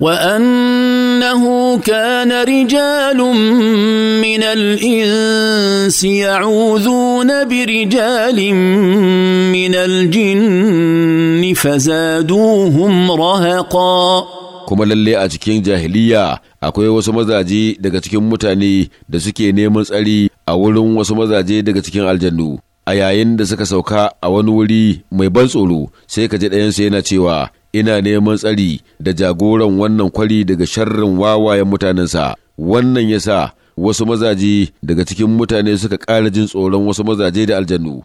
وانه كان رجال من الانس يعوذون برجال من الجن فزادوهم رهقا kuma lalle a cikin jahiliya akwai wasu mazaje daga cikin mutane da suke neman tsari a wurin wasu mazaje daga cikin aljannu a yayin da suka sauka a wani wuri mai ban tsoro sai ka ji ɗayansu yana cewa ina neman tsari da jagoran wannan kwari daga sharrin wawayen mutanensa wannan ya sa wasu mazaje daga cikin mutane suka ƙara jin tsoron wasu mazaje da aljannu